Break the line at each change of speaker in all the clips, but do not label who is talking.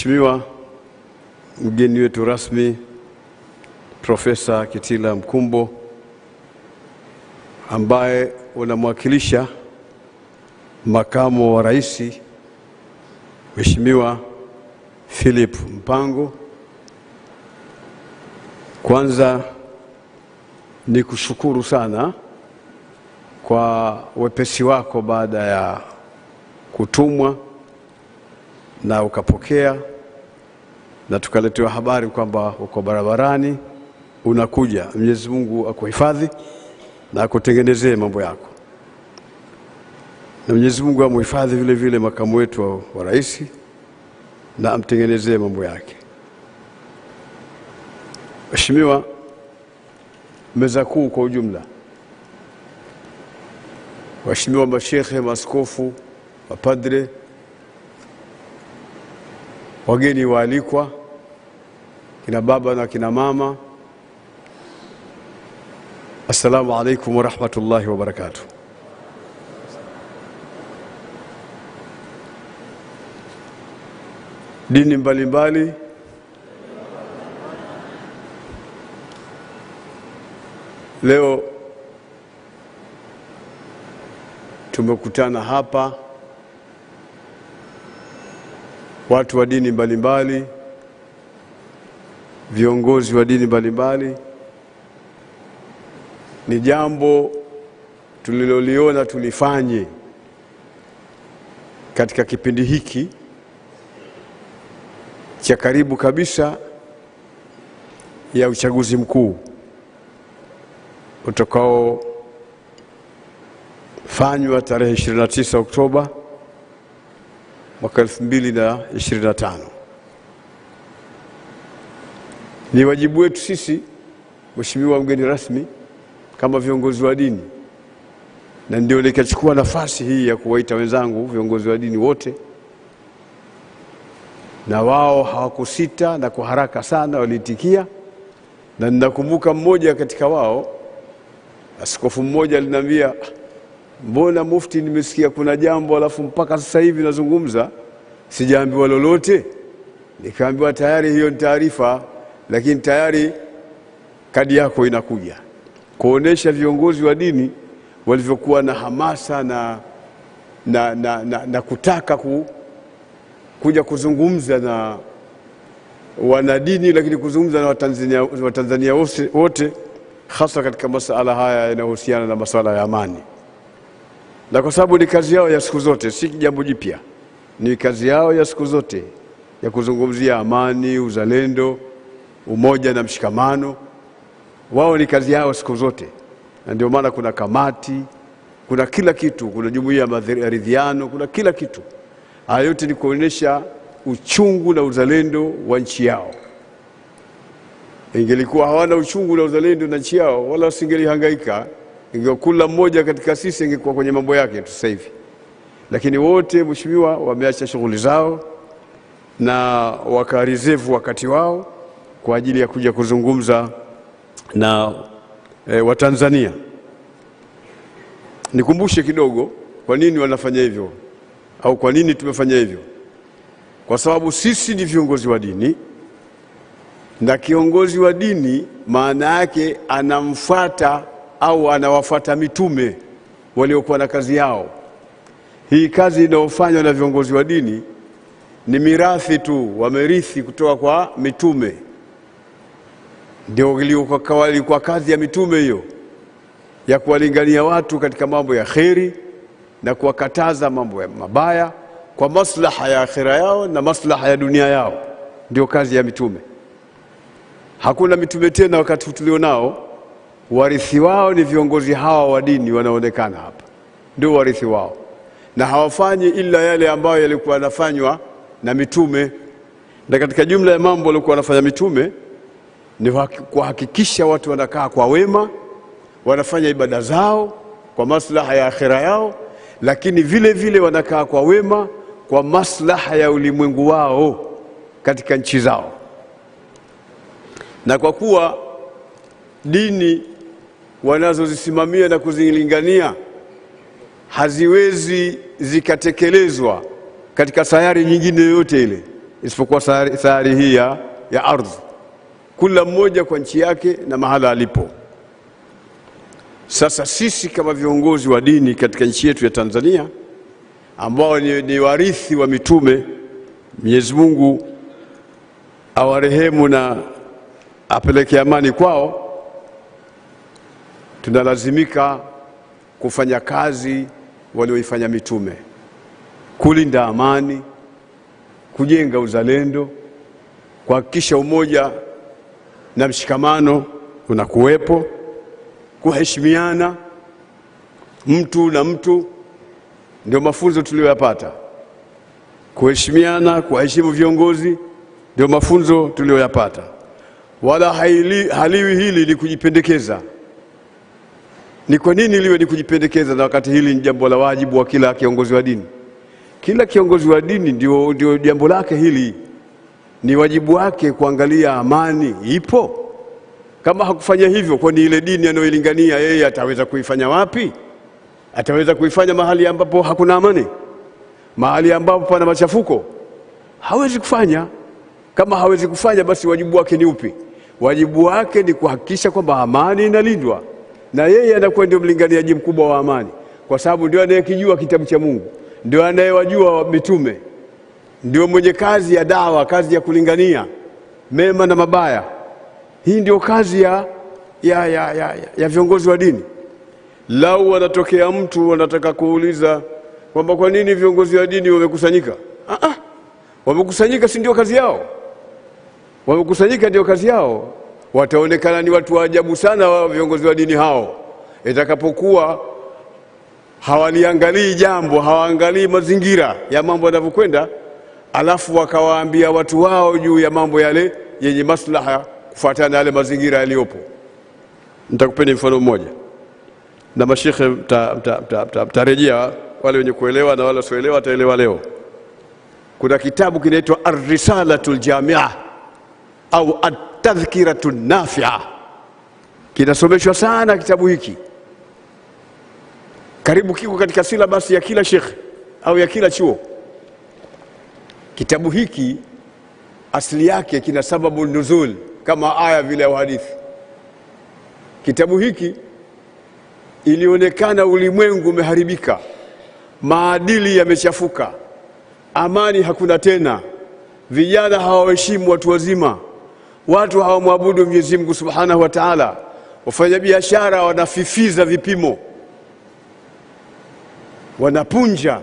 Mheshimiwa mgeni wetu rasmi Profesa Kitila Mkumbo ambaye unamwakilisha Makamu wa Rais Mheshimiwa Philip Mpango, kwanza ni kushukuru sana kwa wepesi wako baada ya kutumwa na ukapokea na tukaletewa habari kwamba uko barabarani unakuja, Mwenyezi Mungu akuhifadhi na akutengenezee mambo yako, na Mwenyezi Mungu amuhifadhi vile vile makamu wetu wa rais na amtengenezee mambo yake. Mheshimiwa, meza kuu kwa ujumla, waheshimiwa mashekhe, maaskofu, mapadre, wageni waalikwa kina baba na kina mama, assalamu alaikum warahmatullahi barakatuh Dini mbalimbali mbali, leo tumekutana hapa watu wa dini mbalimbali mbali, viongozi wa dini mbalimbali, ni jambo tuliloliona tulifanye katika kipindi hiki cha karibu kabisa ya uchaguzi mkuu utakaofanywa tarehe 29 Oktoba mwaka 2025. Ni wajibu wetu sisi, Mheshimiwa mgeni rasmi, kama viongozi wa dini, na ndio nikachukua nafasi hii ya kuwaita wenzangu viongozi wa dini wote, na wao hawakusita na kwa haraka sana waliitikia, na ninakumbuka mmoja katika wao, askofu mmoja alinaambia mbona mufti, nimesikia kuna jambo alafu mpaka sasa hivi nazungumza sijaambiwa lolote. Nikaambiwa tayari hiyo ni taarifa lakini tayari kadi yako inakuja kuonesha viongozi wa dini walivyokuwa na hamasa na, na, na, na, na kutaka ku, kuja kuzungumza na wanadini, lakini kuzungumza na Watanzania, Watanzania wote hasa katika masuala haya yanayohusiana na masuala ya amani, na kwa sababu ni kazi yao ya siku zote, si jambo jipya, ni kazi yao ya siku zote ya kuzungumzia amani, uzalendo umoja na mshikamano. Wao ni kazi yao siku zote, na ndio maana kuna kamati, kuna kila kitu, kuna jumuiya ya maridhiano, kuna kila kitu. Haya yote ni kuonyesha uchungu na uzalendo wa nchi yao. Ingelikuwa hawana uchungu na uzalendo na nchi yao, wala wasingelihangaika. Ingekuwa mmoja katika sisi ingekuwa kwenye mambo yake tu sasa hivi, lakini wote, mheshimiwa, wameacha shughuli zao na wakareserve wakati wao kwa ajili ya kuja kuzungumza na e, Watanzania. Nikumbushe kidogo kwa nini wanafanya hivyo au kwa nini tumefanya hivyo. Kwa sababu sisi ni viongozi wa dini na kiongozi wa dini maana yake anamfuata au anawafuata mitume waliokuwa na kazi yao. Hii kazi inayofanywa na viongozi wa dini ni mirathi tu, wamerithi kutoka kwa mitume. Ndio kwa kazi ya mitume hiyo ya kuwalingania watu katika mambo ya kheri na kuwakataza mambo ya mabaya kwa maslaha ya akhira yao na maslaha ya dunia yao. Ndio kazi ya mitume. Hakuna mitume tena wakati tulio nao. Warithi wao ni viongozi hawa wa dini wanaonekana hapa, ndio warithi wao, na hawafanyi ila yale ambayo yalikuwa yanafanywa na mitume, na katika jumla ya mambo waliokuwa wanafanya mitume ni kuhakikisha watu wanakaa kwa wema, wanafanya ibada zao kwa maslaha ya akhira yao, lakini vile vile wanakaa kwa wema kwa maslaha ya ulimwengu wao katika nchi zao. Na kwa kuwa dini wanazozisimamia na kuzilingania haziwezi zikatekelezwa katika sayari nyingine yoyote ile isipokuwa sayari, sayari hii ya ardhi kila mmoja kwa nchi yake na mahala alipo. Sasa sisi kama viongozi wa dini katika nchi yetu ya Tanzania ambao ni, ni warithi wa mitume, Mwenyezi Mungu awarehemu na apeleke amani kwao, tunalazimika kufanya kazi walioifanya mitume, kulinda amani, kujenga uzalendo, kuhakikisha umoja na mshikamano unakuwepo, kuheshimiana mtu na mtu. Ndio mafunzo tuliyoyapata, kuheshimiana, kuheshimu viongozi, ndio mafunzo tuliyoyapata. Wala haili, haliwi hili ni kujipendekeza. Ni kwa nini liwe ni kujipendekeza, na wakati hili ni jambo la wajibu wa kila kiongozi wa dini? Kila kiongozi wa dini ndio, ndio jambo lake hili ni wajibu wake kuangalia amani ipo. Kama hakufanya hivyo, kwani ile dini anayoilingania yeye ataweza kuifanya wapi? Ataweza kuifanya mahali ambapo hakuna amani, mahali ambapo pana machafuko? Hawezi kufanya. Kama hawezi kufanya, basi wajibu wake ni upi? Wajibu wake ni kuhakikisha kwamba amani inalindwa, na yeye anakuwa ndio mlinganiaji mkubwa wa amani, kwa sababu ndio anayekijua kitabu cha Mungu, ndio anayewajua mitume ndio mwenye kazi ya dawa, kazi ya kulingania mema na mabaya. Hii ndio kazi ya, ya, ya, ya, ya viongozi wa dini. Lau wanatokea mtu wanataka kuuliza kwamba kwa nini viongozi wa dini wamekusanyika? Ah, ah, wamekusanyika si ndio kazi yao? Wamekusanyika ndio kazi yao. Wataonekana ni watu wa ajabu sana wa viongozi wa dini hao, itakapokuwa hawaliangalii jambo, hawaangalii mazingira ya mambo yanavyokwenda alafu wakawaambia watu wao juu ya mambo yale yenye maslaha kufuatana yale mazingira yaliyopo. Nitakupeni mfano mmoja na mashekhe mtarejea, wale wenye kuelewa na wale wasioelewa wataelewa leo. Kuna kitabu kinaitwa arrisalatu ljamia au atadhkiratu Nafia, kinasomeshwa sana kitabu hiki, karibu kiko katika silabasi ya kila shekhe au ya kila chuo Kitabu hiki asili yake kina sababu nuzul kama aya vile ya hadithi. Kitabu hiki ilionekana ulimwengu umeharibika, maadili yamechafuka, amani hakuna tena, vijana hawaheshimu watu wazima, watu hawamwabudu Mwenyezi Mungu Subhanahu wa Ta'ala, wafanyabiashara wanafifiza vipimo, wanapunja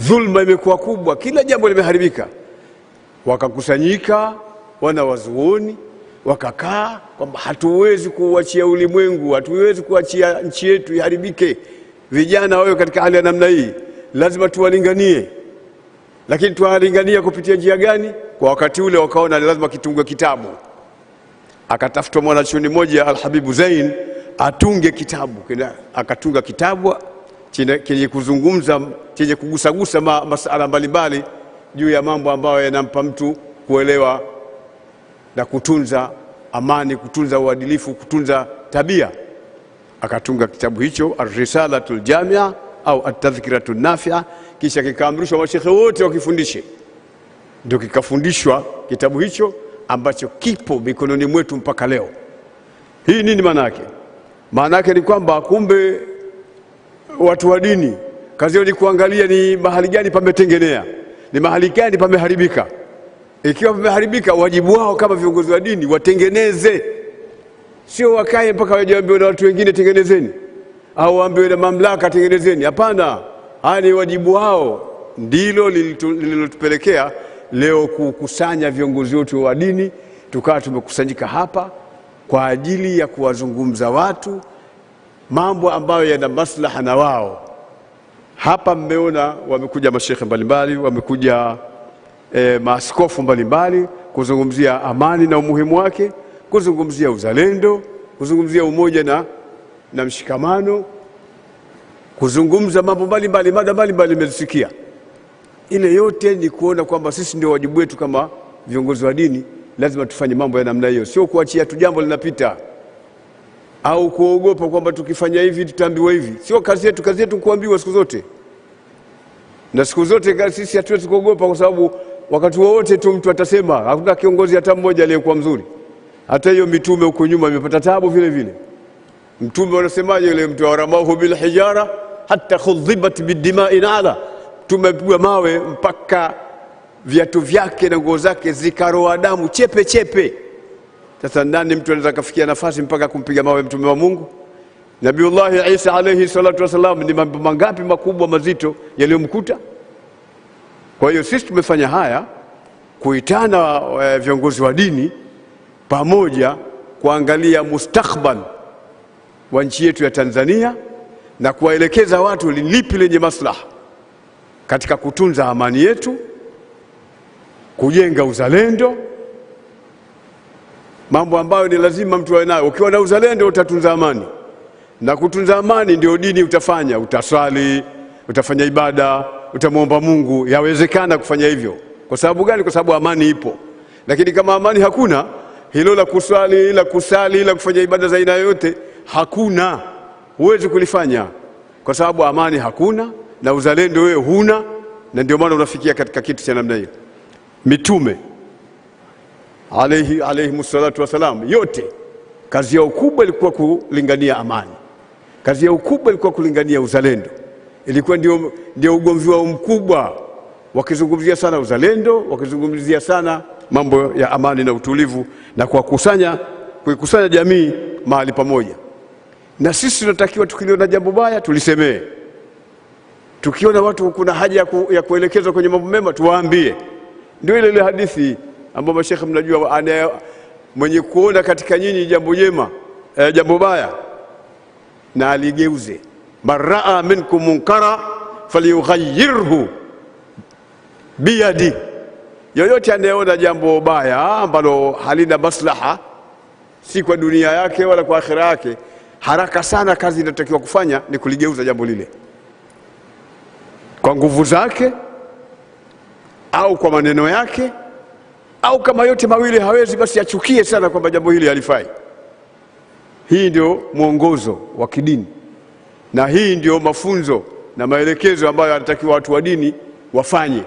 dhulma imekuwa kubwa, kila jambo limeharibika. Wakakusanyika wana wazuoni wakakaa kwamba hatuwezi kuuachia ulimwengu, hatuwezi kuachia nchi yetu iharibike, vijana wawe katika hali ya namna hii. Lazima tuwalinganie, lakini tuwalingania kupitia njia gani? Kwa wakati ule wakaona lazima kitungwe kitabu. Akatafutwa mwanachuoni mmoja Alhabibu Zain atunge kitabu, akatunga kitabu chenye kuzungumza chenye kugusagusa ma, masala mbalimbali juu ya mambo ambayo yanampa mtu kuelewa na kutunza amani, kutunza uadilifu, kutunza tabia. Akatunga kitabu hicho Ar-Risalatu Ljamia au Atadhkiratu Nafia, kisha kikaamrishwa mashekhe wote wakifundishe, ndio kikafundishwa kitabu hicho ambacho kipo mikononi mwetu mpaka leo. Hii nini maana yake? Maana yake ni kwamba kumbe watu wa dini kazi yao ni kuangalia ni mahali gani pametengenea, ni mahali gani pameharibika. Ikiwa pameharibika, wajibu wao kama viongozi wa dini watengeneze, sio wakae mpaka waambiwe na watu wengine tengenezeni, au waambiwe na mamlaka tengenezeni. Hapana, haya ni wajibu wao. Ndilo lililotupelekea leo kukusanya viongozi wetu wa dini, tukawa tumekusanyika hapa kwa ajili ya kuwazungumza watu mambo ambayo yana maslaha na wao. Hapa mmeona wamekuja mashekhe mbalimbali, wamekuja e, maaskofu mbalimbali kuzungumzia amani na umuhimu wake, kuzungumzia uzalendo, kuzungumzia umoja na, na mshikamano, kuzungumza mambo mbalimbali, mada mbalimbali mmezisikia. Ile yote ni kuona kwamba sisi ndio wajibu wetu kama viongozi wa dini, lazima tufanye mambo ya namna hiyo, sio kuachia tu jambo linapita au kuogopa kwamba tukifanya hivi tutaambiwa hivi. Sio kazi yetu, kazi yetu kuambiwa siku zote na siku zote. Sisi hatuwezi kuogopa, kwa sababu wakati wowote tu mtu atasema. Hakuna kiongozi hata mmoja aliyekuwa mzuri. Hata hiyo mitume huko nyuma imepata taabu vile vile. Mtume wanasemaje? Yule mtu bil bilhijara hata khudhibat bidimain ala, tumepigwa mawe mpaka viatu vyake na nguo zake zikaroa damu chepe chepe. Sasa nani mtu anaweza kafikia nafasi mpaka kumpiga mawe mtume wa Mungu Nabiullahi Isa alaihi salatu wassalam? Ni mambo mangapi makubwa mazito yaliyomkuta? Kwa hiyo sisi tumefanya haya kuitana e, viongozi wa dini pamoja kuangalia mustakbal wa nchi yetu ya Tanzania na kuwaelekeza watu lipi lenye maslaha katika kutunza amani yetu, kujenga uzalendo mambo ambayo ni lazima mtu awe nayo. Ukiwa na uzalendo utatunza amani, na kutunza amani ndio dini utafanya, utaswali, utafanya ibada, utamwomba Mungu. Yawezekana kufanya hivyo. Kwa sababu gani? Kwa sababu amani ipo. Lakini kama amani hakuna, hilo la kuswali, la kusali, la kufanya ibada za aina yoyote hakuna, huwezi kulifanya kwa sababu amani hakuna na uzalendo wewe huna, na ndio maana unafikia katika kitu cha namna hiyo. Mitume alaihi alaihimu salatu wassalam, yote kazi yao kubwa ilikuwa kulingania amani, kazi yao kubwa ilikuwa kulingania uzalendo. Ilikuwa ndio, ndio ugomvi wao mkubwa, wakizungumzia sana uzalendo, wakizungumzia sana mambo ya amani na utulivu na kuwakusanya kuikusanya jamii mahali pamoja. Na sisi tunatakiwa tukiliona jambo baya tulisemee, tukiona watu kuna haja ya, ku, ya kuelekezwa kwenye mambo mema tuwaambie. Ndio ile ile hadithi ambao mashekhe mnajua ane, mwenye kuona katika nyinyi jambo jema eh, jambo baya na aligeuze. man raa minkum munkara falyughayyirhu biyadi, yoyote anayeona jambo baya ambalo halina maslaha si kwa dunia yake wala kwa akhira yake, haraka sana kazi inatakiwa kufanya ni kuligeuza jambo lile kwa nguvu zake au kwa maneno yake au kama yote mawili hawezi, basi achukie sana kwamba jambo hili halifai. Hii ndio mwongozo wa kidini na hii ndio mafunzo na maelekezo ambayo anatakiwa watu wa dini wafanye.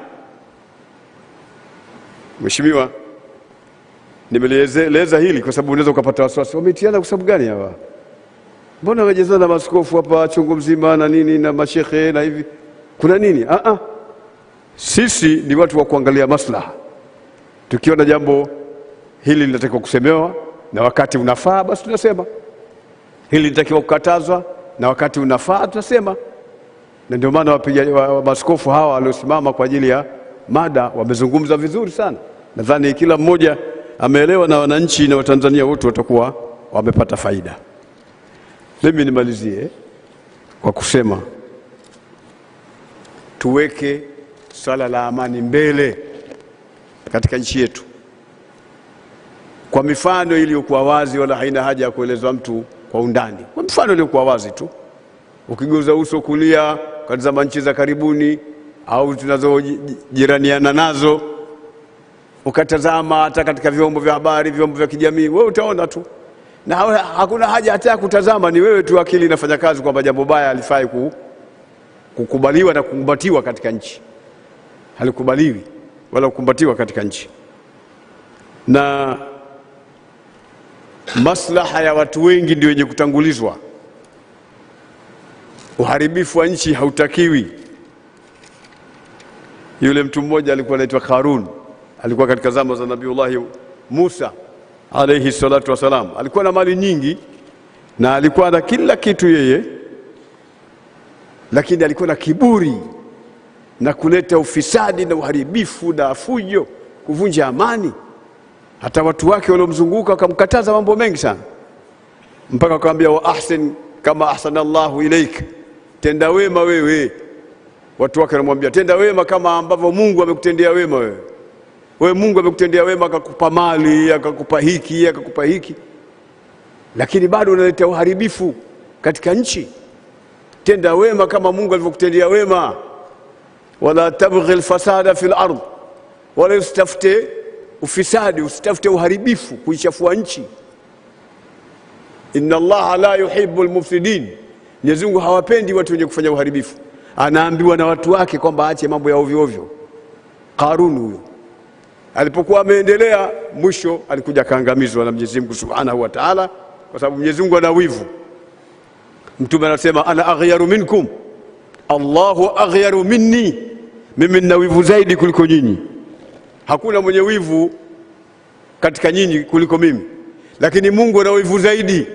Mheshimiwa, nimelieleza hili kwa sababu unaweza ukapata wasiwasi, wametiana kwa sababu gani hawa? Mbona wamejezana na maskofu hapa chungu mzima na nini na mashehe na hivi, kuna nini? Aa, ah, ah. sisi ni watu wa kuangalia maslaha tukiona jambo hili linatakiwa kusemewa na wakati unafaa, basi tunasema hili linatakiwa kukatazwa na wakati unafaa, tunasema. Na ndio maana maskofu hawa waliosimama kwa ajili ya mada wamezungumza vizuri sana. Nadhani kila mmoja ameelewa na wananchi na Watanzania wote watakuwa wamepata faida. Mimi nimalizie kwa kusema tuweke swala la amani mbele katika nchi yetu kwa mifano iliyokuwa wazi, wala haina haja ya kuelezwa mtu kwa undani, kwa mifano iliyokuwa wazi tu. Ukigeuza uso kulia, ukatazama nchi za karibuni au tunazojiraniana nazo, ukatazama hata katika vyombo vya habari, vyombo vya kijamii, wewe utaona tu, na hakuna haja hata ya kutazama. Ni wewe tu akili inafanya kazi kwamba jambo baya halifai kukubaliwa na kukumbatiwa katika nchi, halikubaliwi wala kukumbatiwa katika nchi, na maslaha ya watu wengi ndio yenye kutangulizwa. Uharibifu wa nchi hautakiwi. Yule mtu mmoja alikuwa anaitwa Karun, alikuwa katika zama za Nabiullahi Musa alaihi salatu wassalam. Alikuwa na mali nyingi na alikuwa na kila kitu yeye, lakini alikuwa na kiburi na kuleta ufisadi na uharibifu na fujo, kuvunja amani. Hata watu wake waliomzunguka wakamkataza mambo mengi sana, mpaka wakamwambia wa ahsin kama ahsana Allahu ilaik, tenda wema wewe. Watu wake wanamwambia tenda wema kama ambavyo Mungu amekutendea wema wewe. Wewe Mungu amekutendea wema, akakupa mali, akakupa hiki, akakupa hiki, lakini bado unaleta uharibifu katika nchi. Tenda wema kama Mungu alivyokutendea wema wala tabghi lfasada fi الارض wala usitafute ufisadi, usitafute uharibifu, kuichafua nchi. Inna Allaha la yuhibu lmufsidin, Mwenyezi hawapendi watu wenye kufanya uharibifu. Anaambiwa na watu wake kwamba aache mambo ya ovyo ovyo. Qarun huyo alipokuwa ameendelea, mwisho alikuja akaangamizwa na Mwenyezi Mungu subhanahu wa taala, kwa sababu Mwenyezi Mungu ana wivu. Mtume anasema ana aghyaru minkum Allahu aghyaru minni, mimi nina wivu zaidi kuliko nyinyi. Hakuna mwenye wivu katika nyinyi kuliko mimi, lakini Mungu ana wivu zaidi.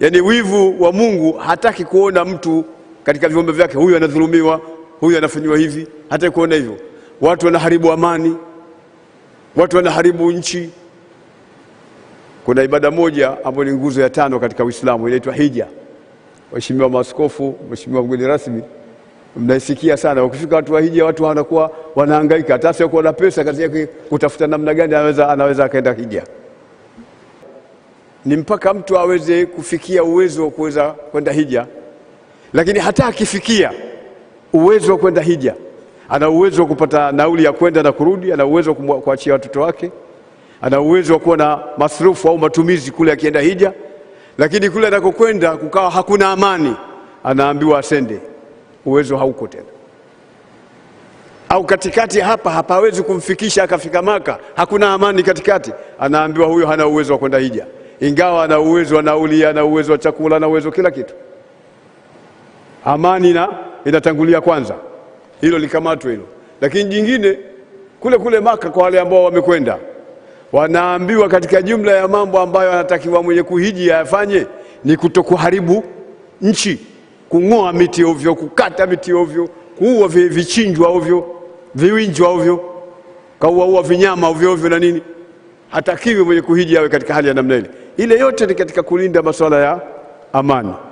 yani wivu wa Mungu hataki kuona mtu katika viumbe vyake, huyu anadhulumiwa, huyu anafanyiwa hivi, hataki kuona hivyo. Watu wanaharibu amani, watu wanaharibu nchi. Kuna ibada moja ambayo ni nguzo ya tano katika Uislamu inaitwa hija. Waheshimiwa maaskofu, mheshimiwa mgeni rasmi mnaisikia sana. Ukifika watu wa hija, watu wanakuwa wanahangaika, hata sio kuwa na pesa yake kutafuta namna gani anaweza, anaweza akaenda hija. Ni mpaka mtu aweze kufikia uwezo wa kuweza kwenda hija, lakini hata akifikia uwezo wa kwenda hija, ana uwezo wa kupata nauli ya kwenda na kurudi, ana uwezo wa kuachia watoto wake, ana uwezo wa kuwa na masrufu au matumizi kule akienda hija, lakini kule anakokwenda kukawa hakuna amani, anaambiwa asende uwezo hauko tena, au katikati hapa hapawezi kumfikisha akafika Maka, hakuna amani katikati, anaambiwa huyo hana uwezo wa kwenda hija, ingawa ana uwezo wa nauli, ana uwezo wa chakula, ana uwezo kila kitu. Amani na inatangulia kwanza, hilo likamatwe hilo. Lakini jingine kule kule Maka, kwa wale ambao wamekwenda wanaambiwa katika jumla ya mambo ambayo anatakiwa mwenye kuhiji ayafanye ni kutokuharibu nchi kung'oa miti ovyo, kukata miti ovyo, kuua vichinjwa ovyo, viwinjwa ovyo, kauaua vinyama ovyo ovyo na nini. Hatakiwi mwenye kuhiji awe katika hali ya namna ile. Ile yote ni katika kulinda masuala ya amani.